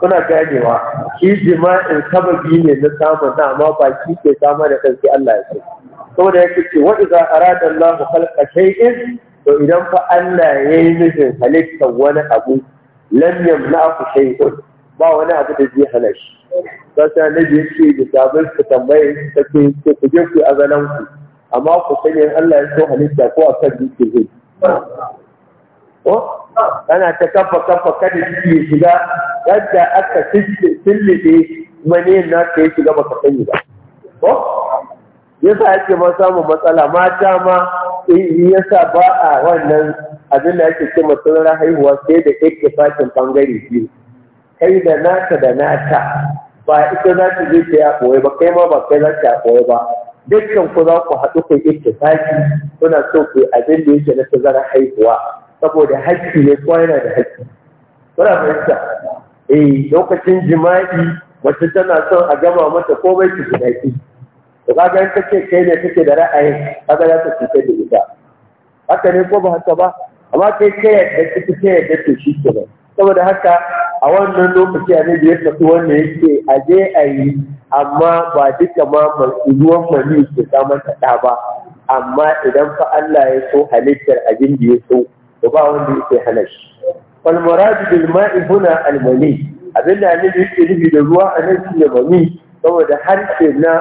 kuna ganewa shi jima'in sababi ne na samun na amma ba shi ke samar da ɗan sai Allah ya so saboda yake ce wa idza arada Allah khalqa shay'in to idan fa Allah yayi nufin halittar wani abu lam yamna'u shay'un ba wani abu da zai hana shi sasa na biyu ce da sabon su tambaye ta ce ce ku je ku azalan ku amma ku sanya Allah ya so halitta ko a kan dutse zai ana ta kafa kafa kada shi shiga yadda aka tilliɗe mani na ka yi shiga ka sani ba ya yasa ake ma samun matsala mata ma eh, sa ba a wannan abin da ake ce matsalar haihuwa sai da ake fashin bangare biyu kai da naka da naka ba ita za ta je ta ya ɓoye ba kai ma ba kai za ta ya koyi ɓoye ba dukkan ku za ku haɗu ku yi ittifaki kuna so ku yi abin da yake na tazarar haihuwa saboda haƙƙi ne ko yana da haƙƙi. kuna fahimta eh lokacin jima'i mace tana son a gama mata komai ki gudaki to kaga ga kace kai ne kake da ra'ayin kaga za ka cutar da ita haka ne ko ba haka ba amma kai kai da kike kai da to shi kenan saboda haka a wannan lokaci annabi ya tafi wannan yake a je a yi amma ba duka ma ruwan mani ke samun taɗa ba amma idan fa Allah ya so halittar abin da ya so to ba wanda yake hana shi fal muradu bil ma'i huna al abin da nufi da ruwa a nan shi mani saboda harshe na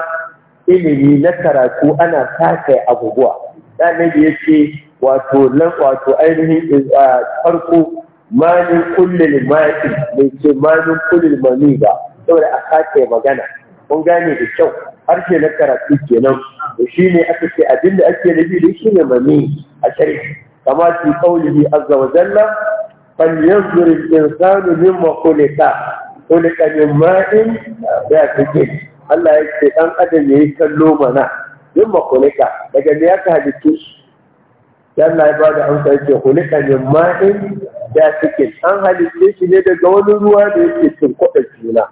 ilimi na karatu ana sake abubuwa da ya ce wato lan wato ainihin eh, farko ma min ma'aikin, ma'i ce ma min mani ba saboda a sake magana kun gane da kyau harshe na karatu kenan shi ne aka ce abin da ake biyu da shi ne mani a shari'a kama fi qaulihi azza wa jalla فلينظر الإنسان مما خلق خلق من ماء ke, Allah ya ce ɗan adam ya yi kallo mana yin makulika daga ne aka halittu shi Allah ya bada amsa ya ce kulika min ma'in da suke an halitta shi ne daga wani ruwa da yake cin kwaɗa juna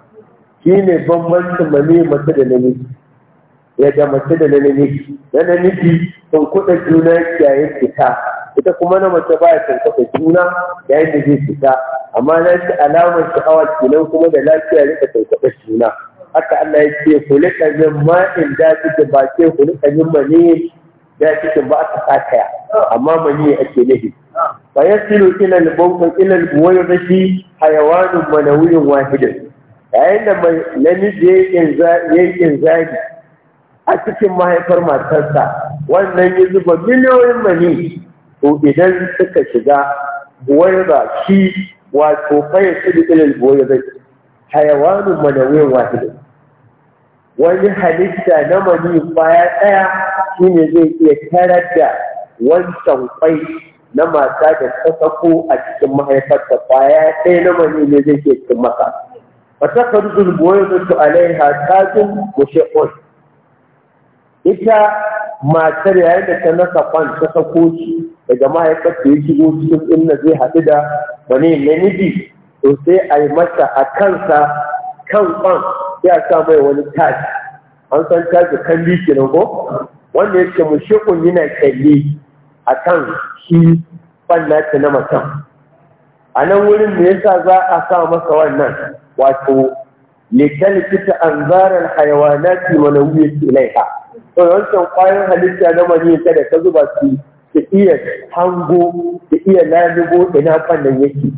shi ne bambancin mani mace da namiji ya da mace da na namiji na namiji sun kuɗa juna yayin fita ita kuma na mace ba ya cin kuɗa juna yayin da zai fita amma na shi alamar sha'awa kenan kuma da lafiya rika sun kuɗa juna haka Allah ya ce kuli min ma'in da suke ba ke kuli min mani da suke ba ta sakaya amma mani ake nahi fayasilu ilal bautan ilal buwayyaki hayawanin manawuyin wahidin yayin da mai namiji yankin zagi a cikin mahaifar matarsa wannan ya zuba miliyoyin mani to idan suka shiga buwayya shi wato fayasilu ilal buwayyaki hayawanin manawuyin wahidin wani halitta na mani kwaya ɗaya shine zai iya tarar da wancan kwai na mata da ta sako a cikin mahaifarta baya ɗaya na mani ne zai ke cikin maka wata karzul goyon da su alaiha tajin mushe'un ita matar yayin da ta nasa kwan ta sako shi daga mahaifarta ya shigo cikin inda zai haɗu da wani namiji to sai a yi masa a kansa kan kwan ya sa mai wani taji an san taji kalli kenan ko wanda yake shekun yana kyalli a kan shi ɓannaci na macen a nan wurin me yasa za a sa masa wannan wato litalkita an zarar hayawanati manawiyar ilaiha to wancan kwayan halitta na maniyyanta da ta zuba su ta iya hango ta iya lalubo ina fannin yake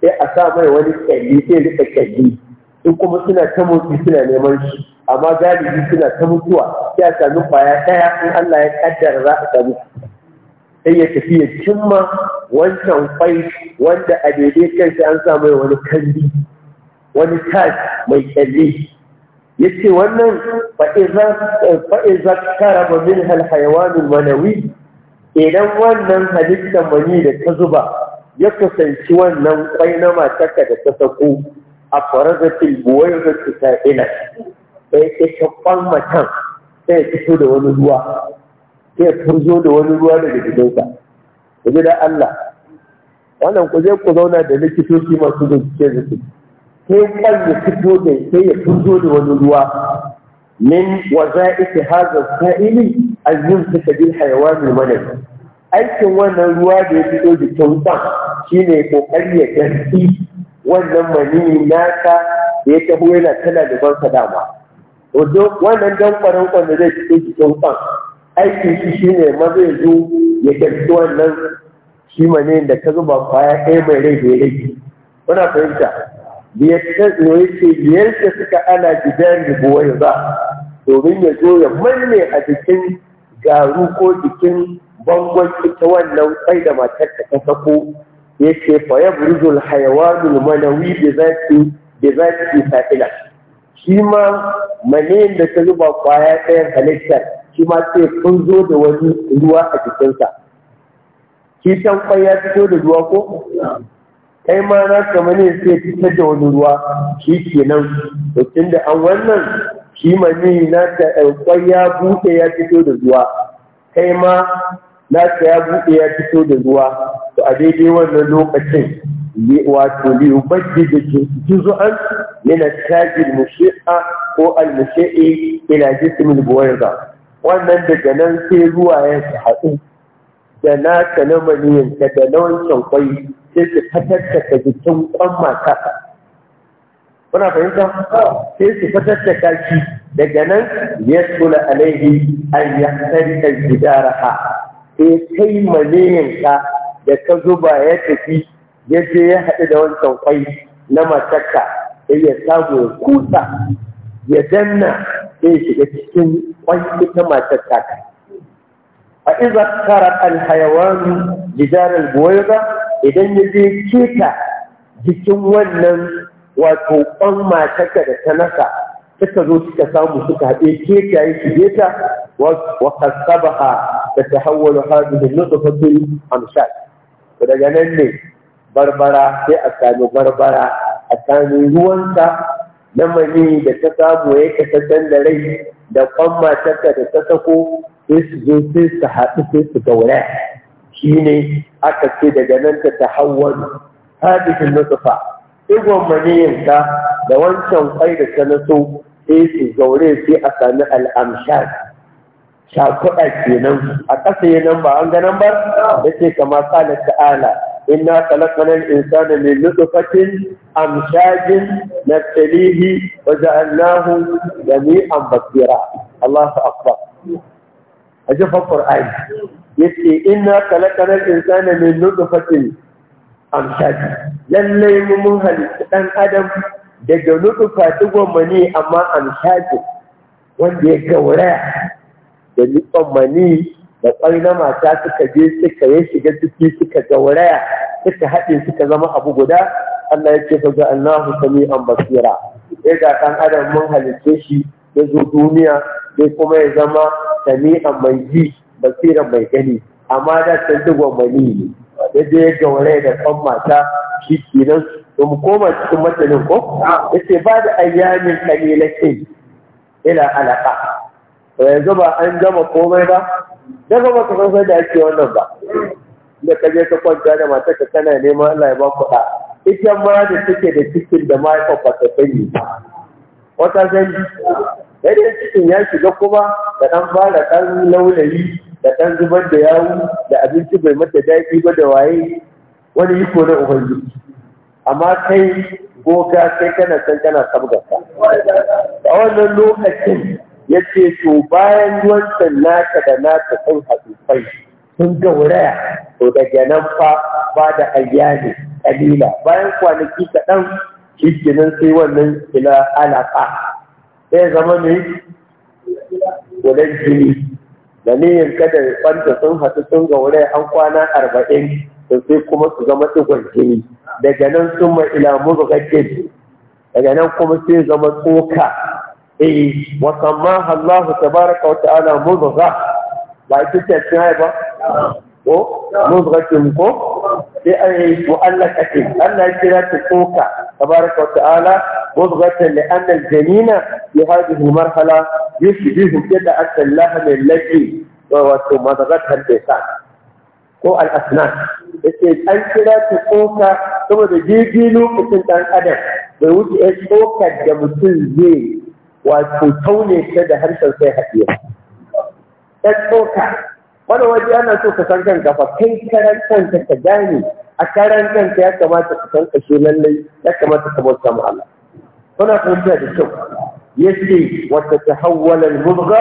sai a sa mai wani kyalli sai rika kyalli in kuma suna ta motsi suna neman shi amma galibi suna ta mutuwa sai a sami kwaya ɗaya in Allah ya kaddara za a sami sai ya tafi ya cimma wancan kwai wanda a daidai kansa an samu mai wani kalli wani tas mai kalli ya ce wannan fa'iza karaba min halhayawanin manawi idan wannan halittar mani da ta zuba ya kusanci wannan kwai na matarka da ta sako a farazatil buwai da ta ina sai ita kwan matan sai ya fito da wani ruwa sai ya turzo da wani ruwa daga gidansa yanzu da Allah wannan ku je ku zauna da likitoci masu bincike da su sai kwan ya fito da sai ya turzo da wani ruwa min waza'iki hadha sa'ili an yumsika hayawa hayawan malak aikin wannan ruwa da ya fito da kyautan shine kokari ya gaski wannan mani naka da ya taho yana tana da bansa dama wannan dan kwan da zai fito da kyautan aikin shi shine maza ya zo ya karfi wannan shi mane da ka zuba kwaya ɗaya mai rai da ya muna fahimta biyar ce biyar da suka ana gidan ribuwa ya za domin ya zo ya manne a jikin garu ko jikin bangon ita wannan tsai da matar ta sako ya ce fa ya burzul hayawanul manawi da za ki da za ki sa'ila shi ma mane da ta zuba kwaya ɗayan halittar shi ma ce kun zo da wani ruwa a jikinsa shi can kwai ya fito da ruwa ko kai ma na kama ne sai fitar da wani ruwa shi nan to da an wannan shi ma ne na ta eh, kwai ya buɗe ya fito da ruwa kai ma na ta ya buɗe ya fito da ruwa to a daidai wannan lokacin wato liyubaddi da juzu'an yana at-tajil mushi'a ko al-mushi'i ila jismil buwayda wannan daga nan sai ruwa ya su haɗu da naka na maniyinka da na wancan kwai sai su fatattaka jikin kwan mataka kuna fahimta sai su fatattaka shi daga nan ya tsula alaihi an ya gidara ha sai eh, kai maniyinka da ka zuba ya tafi ya je ya haɗu da wancan kwai na mataka sai ya samu ya kusa ya danna zai shiga cikin kwanci ta matar taka a iza kara alhayawanu jidarar ba? idan ya je keta jikin wannan wato kwan matarka da ta nasa suka zo suka samu suka haɗe keta ya shige ta wa da ta hawwala hadin amshad. amshal daga nan ne barbara sai a sami barbara a sami ruwansa na mani da ta samu ya kasantar da rai da kwan matarka da ta sako sai su zo sai su haɗu sai su gaura shi ne aka ce daga nan ta ta hawan hadisin nutfa igon maniyinka da wancan kwai da ta naso sai su gaure sai a sami al'amshan shakuɗa kenan a ƙasa yanan ba an ganin ba da ce kama ta'ala inna khalaqnal insana min nutfatin amshajin nabtalihi wa ja'alnahu jami'an basira Allahu akbar aje fa qur'ani yace inna khalaqnal insana min nutfatin amshajin mu mun halittu ɗan adam daga nutfa digon mani amma amshajin wanda ya gauraya da nutfan mani da ƙwai na mata suka je suka yi shiga ciki suka gauraya suka haɗe suka zama abu guda Allah ya ce fa ga Allahu sami'an basira sai ga ɗan adam mun halice shi ya zo duniya sai kuma ya zama sami'an mai ji basira mai gani amma da ta yi mani ne ya je ya gauraya da ƙwan mata shi kenan ba mu koma cikin matsalin ko ya ce ba da ayyamin kalilakin ila alaƙa yanzu ba an gama komai ba daga ba ka san da ake wannan ba da ka je ka kwanta da matar ka kana neman Allah ya ba ku da ita ma da take da cikin da mai ba ta sani wata sani yadda cikin ya shiga kuma da ɗan fara ɗan laulayi da ɗan zubar da yawu da abinci bai mata daɗi ba da waye wani yiko na ubangiji amma kai goga sai kana san kana sabgarsa a wannan lokacin ya ce to bayan wancan naka da naka sun haɗu kai sun gauraya to daga nan fa ba da ayyane kalila bayan kwanaki kaɗan shikinin sai wannan ila alaƙa sai zama ne gudan jini da niyyar kada ɓanta sun haɗu sun gauraya an kwana arba'in to sai kuma su zama ɗigon jini daga nan sun ma ila murgakin daga nan kuma sai zama tsoka eh wasamma Allahu! tabaraka wa ta'ala mudgha ba ita ce cin ba ko mudghatin ko sai an yi wa Allah Allah ya kira ta tsoka tabaraka wa ta'ala mudghatan li anna al-janina fi hadhihi al-marhala yushbihu kada at-lahm allati wa madghatan lisan ko al'asnan da ke an kira ta tsoka saboda jirgi lokacin ɗan adam bai wuce ya tsokar da mutum zai wato taune ta da harshen sai haɗiya ta tsoka wani waje ana so ka san kan fa kai karan ka gane a karan kanka ya kamata ka san kashe lallai ya kamata ka bauta mu Allah kuna fahimta da kyau yace wata tahawwala al-mubgha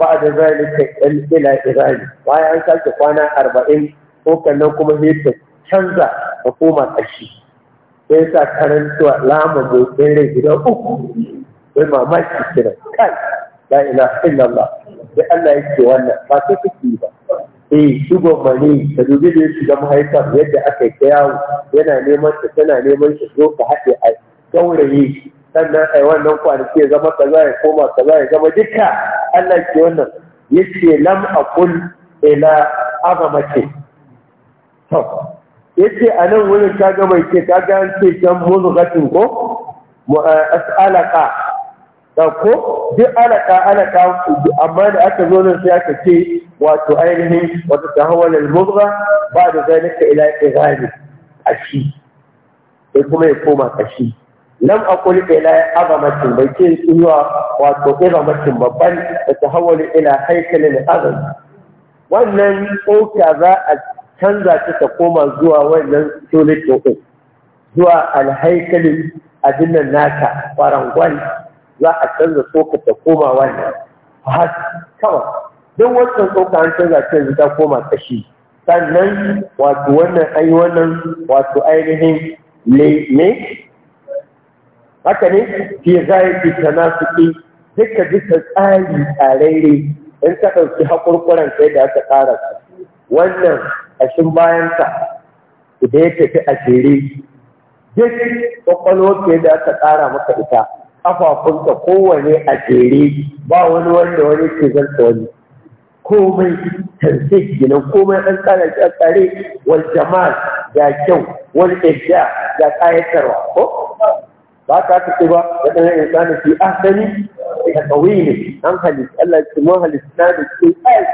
ba'da zalika ila irani bayan an sake kwana arba'in? ko kannan kuma sai canza ka koma kashi sai sa karantuwa lamu bai tsere gida uku wai mamaki kiran kai la ilaha illallah sai Allah ya ce wannan ba sai kike ba eh shugo mani da dubi da shi ga mahaifar yadda aka yi yawo yana neman ta tana neman ta zo ka hade ai gauraye sannan ai wannan kwanaki ya zama kaza ya koma kaza ya zama duka Allah ke wannan yace lam aqul ila azamati to yace anan wurin kaga mai ce kaga an ce kan muzghatin ko as'alaka ko duk alaka alaka amma da aka zo nan sai aka ce wato ainihin wata tahawwal al-mubgha ba da zalika ila ighani ashi sai kuma ya koma kashi lam aqul ila azamati bai ce zuwa wato azamatin babban da tahawwal ila al azam wannan tsoka za a canza ta ta koma zuwa wannan tolito zuwa al abin adinnan naka farangwani. za a canza tsokar ta koma wani fahad kawai don wancan tsoka an canza ta yanzu ta koma kashi sannan wato wannan ayi wannan wato ainihin ne haka ne fi zai fi tanasuki duka duka tsari tsarere in ka ɗauki haƙurƙuran sai da aka ƙara su wannan ƙashin bayansa idan ya tafi a jere duk ƙwaƙwalwar sai da aka ƙara maka ita ƙafafunka kowane a jere ba wani wanda wani ke zarta wani komai tansik gina komai an tsara shi a tsare wal jama'a ga kyau wal ibda ga ƙayatarwa ko ba ta ce ba da ɗan insani fi ahsani da ne. an halittu Allah ya mun na da ke ai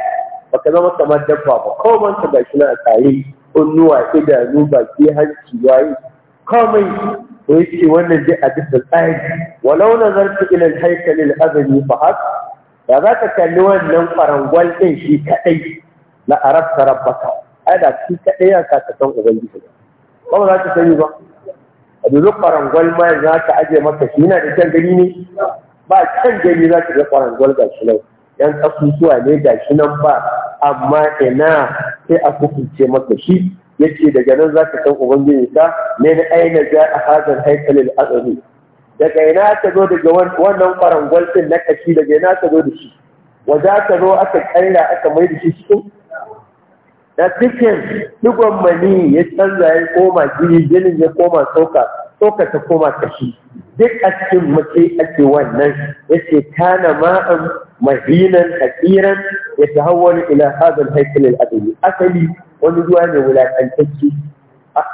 ka zama kamar dabba ba komai ka shi na a tsare kunnuwa idanu baki hanci yayi komai to yake wannan dai a bisa tsari walau nazartu ila al-haykal al-azali fa hak da za ka kalli wannan kwarangwal din shi kadai la arabta rabbaka ai da shi kaɗai ya sa ka san ubangiji ba ba za ka sani ba a duk kwarangwal ma za ka aje maka shi yana da can gani ne ba kyan gani za ka ga kwarangwal ga shi nan yan kasusuwa ne ga shi nan ba amma ina sai a kukunce maka shi yace daga nan za ka san ubangiji ka na aina ja'a a haykal al-azami daga ina ka zo daga wannan farangwal din na kashi daga ina ka zo da shi wa za ka zo aka kalla aka mai da shi cikin da cikin digon mani ya canza ya koma jini jinin ya koma soka soka ta koma kashi duk a cikin mace ake wannan yace kana ma'an mahinan kakiran ta ila wani ila haykal al-adami asali wani ruwa ne wulakantacce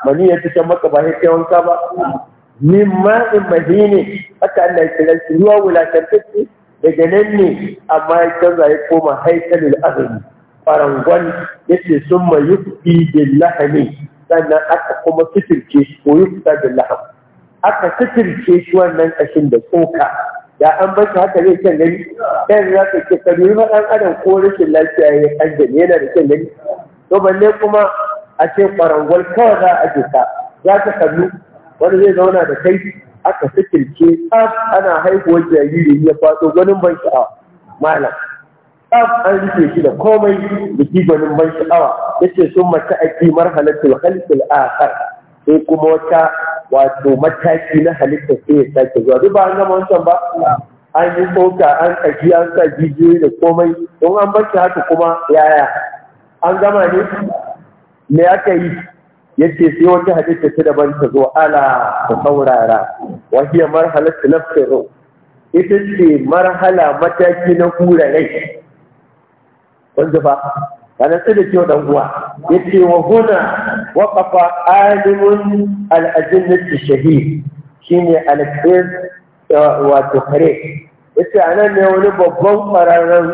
mani ya cikin maka ba sai wanka ba min ma'in mahini haka Allah ya shi ruwa wulakantacce daga nan ne amma ya canza ya koma farangon ya ce farangon ma yi fi da lahani sannan aka kuma fitirce shi ko fita da lahm aka fitirce shi wannan kashin da tsoka da an bar shi haka zai kyan gani ɗan za ka ce ka nuna ɗan adam ko rashin lafiya ya kanjani yana da kyan gani to balle kuma a ce ƙwarangwal kawai za a jika za ka kallu wani zai zauna da kai aka sikirce tsaf ana haihuwar jariri ya faɗo gwanin ban sha'awa malam tsaf an rike shi da komai da gwanin ban sha'awa yace sun mata aki marhalatul khalqil akhar sai kuma wata wato mataki na halitta sai ya sake zuwa duk ba an gama wancan ba an yi sauka an tsaki an sa jijiyoyi da komai don an bar haka kuma yaya an gama ne me aka yi Yake sai wata halitta ta daban ta zo ala ta saurara wahiyar marhalatu nafsin ruh ita ce marhala mataki na hura rai wanda ba kana da kyau dan uwa yace wa huna waqafa alimun al-ajinnat shi shine al-qis eh, wato kare yace anan ne wani babban kwararren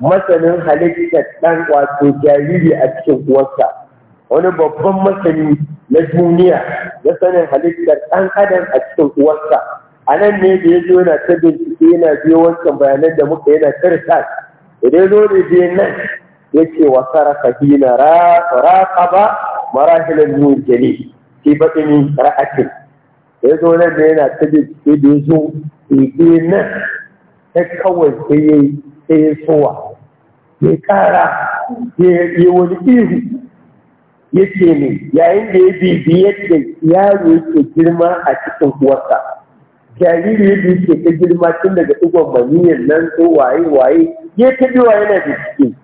masanin halittar dan wato jariri a cikin uwarsa wani babban masani na duniya na sanin halittar ɗan adam a cikin uwarsa a nan ne da ya zo yana ta bincike yana biyo wancan bayanan da muka yana ta idan zo da biyan nan yace wa saraka hina raqaba marahil al-mujali fi batni ra'atin yazo nan da yana ta da da idan nan ta kawai sai yayi sai ya sowa ya kara ya yi wani ihu yace ne yayin da ya bibi yadda yaro yake girma a cikin uwarsa jariri yadda yake ta girma tun daga ɗigon maniyan nan ko waye waye ya ta biwa yana da cikin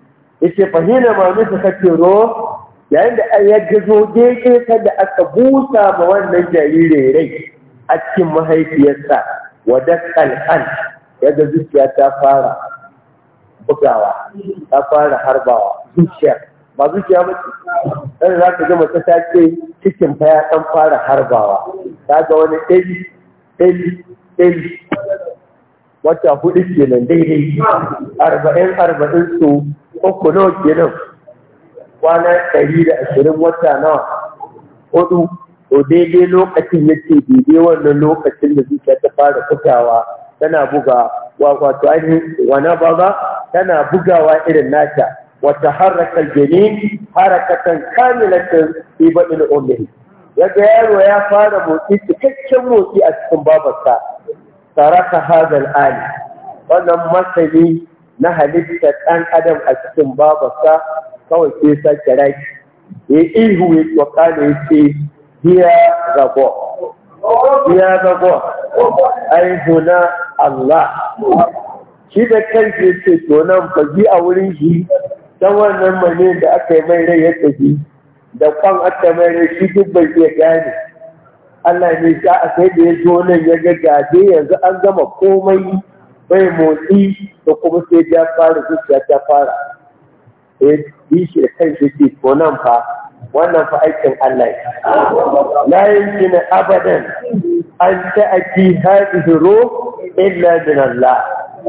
yace fa hina ma nufi kake ro yayin da ya gazo daidai da aka busa ma wannan jarire rai a cikin mahaifiyarsa wa dakkal an yadda zuciya ta fara bugawa ta fara harbawa zuciyar ba zuciya ba ce ɗan za ka gama ta sace cikin fa ɗan fara harbawa ta ga wani ɗari ɗari ɗari wata hudu kenan daidai arba'in arba'in su uku nawa kenan kwana ɗari da ashirin wata nawa hudu to daidai lokacin ya ce daidai wannan lokacin da zuciya ta fara fitawa tana buga wato ainihin wana ba tana bugawa irin nata wata harakar jini harakatan kamilatin ibadin umri yaga yaro ya fara motsi cikakken motsi a cikin babarsa taraka hadal ali wannan masani na halittar ɗan adam a cikin babarsa kawai sai sa raki ki ya ihu ya tsoka ne ya ce biya zago biya zago aihu na Allah shi da kanki ya ce tonan ba a wurin shi don wannan mani da aka yi mai rai ya tafi da kwan aka mai rai shi duk bai iya gane Allah ne sha a sai da ya zo nan ya ga gaje yanzu an gama komai bai motsi da kuma sai ya fara zuciya ta fara ya yi shi da kan shi ke ko nan fa wannan fa aikin Allah ne la na abadan an aki hadhihi zuro illa min Allah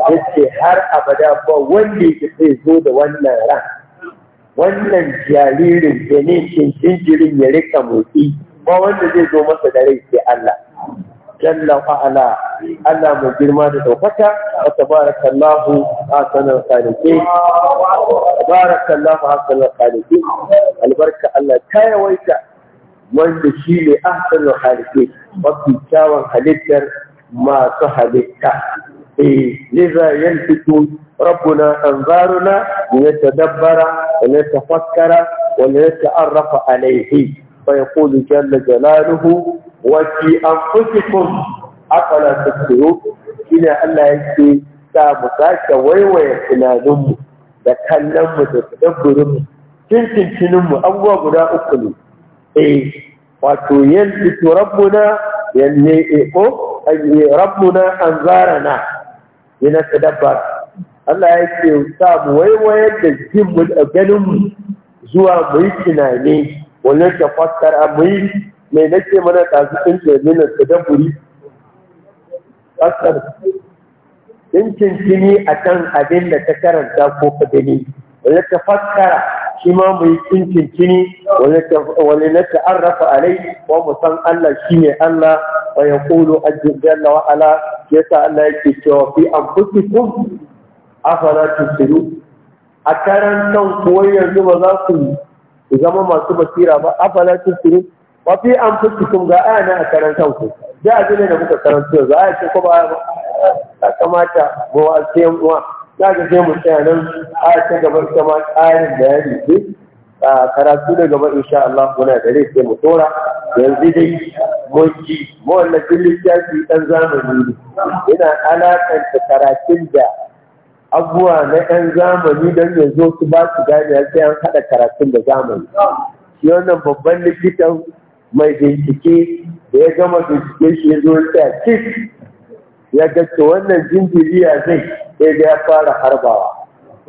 yace har abada ba wanda ya sai zo da wannan ran wannan jaririn da ne jinjirin ya rika motsi ba wanda zai zo masa da rai sai Allah jalla wa ala Allah mai girma da daukaka wa tabarakallahu hasanul khaliqi tabarakallahu hasanul khaliqi albarka Allah ta yawaita wanda shi ne ahsanul khaliqi mafi kyawun halittar masu halitta eh liza yantiku ربنا أنظارنا لنتدبر ta arrafa عليه فيقول جل جلاله وفي أنفسكم أفلا تبصرون إلى ألا يكفي سامساك ويوي تنانم da kallonmu da تنم أبوى abubuwa guda uku ne eh wato yan fito rabbuna yan eko na Allah ya ce sa mu waiwayar da jin mu ganinmu zuwa mu yi tunani wannan ta fakkar amai mai nake mana tasu ɗin ɗazinan ta daburi ƙasar ɗinkin jini a kan abin da ta karanta ko ka gani wani ta fasara shi ma mu yi cin jini wani na ta'arrafa alai wa mu san Allah shi ne Allah wa ya kulu ajiyar jalla wa ala yasa Allah yake cewa fi an fusi kun fara tusiru a karan nan kuwa yanzu ba za su ku zama masu basira ba afala tusiru wa fi anfusikum ga aya na a karan kanku da abin da muka karanta yanzu aya ce ko ba ya kamata mu wasu yan uwa za ga sai mu tsaya nan aya ta gaba ita ma tsarin bayani a karatu da gaba insha Allah muna da rai sai mu tsora. yanzu dai mun ji mawallafin littafi dan zamani ne Ina alakanta karatun da abubuwa na 'yan zamani don ya zo su ba su gane sai an haɗa karatun da zamani shi wannan babban likitan mai bincike da ya gama bincike shi ya zo ya cik ya gaske wannan jinjiriya zai sai da ya fara harbawa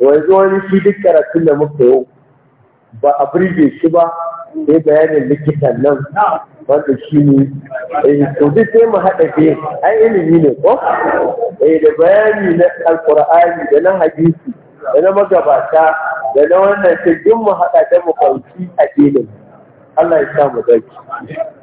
yanzu wani shi duk karatun da muka yau ba a birge shi ba sai bayanin likitan nan wanda shi ne eh to duk sai mu haɗa ke ai ilimi ne ko eh da bayani na alqur'ani da na hadisi da na magabata da na wannan ta mu haɗa da mu a addinin Allah ya sa mu dace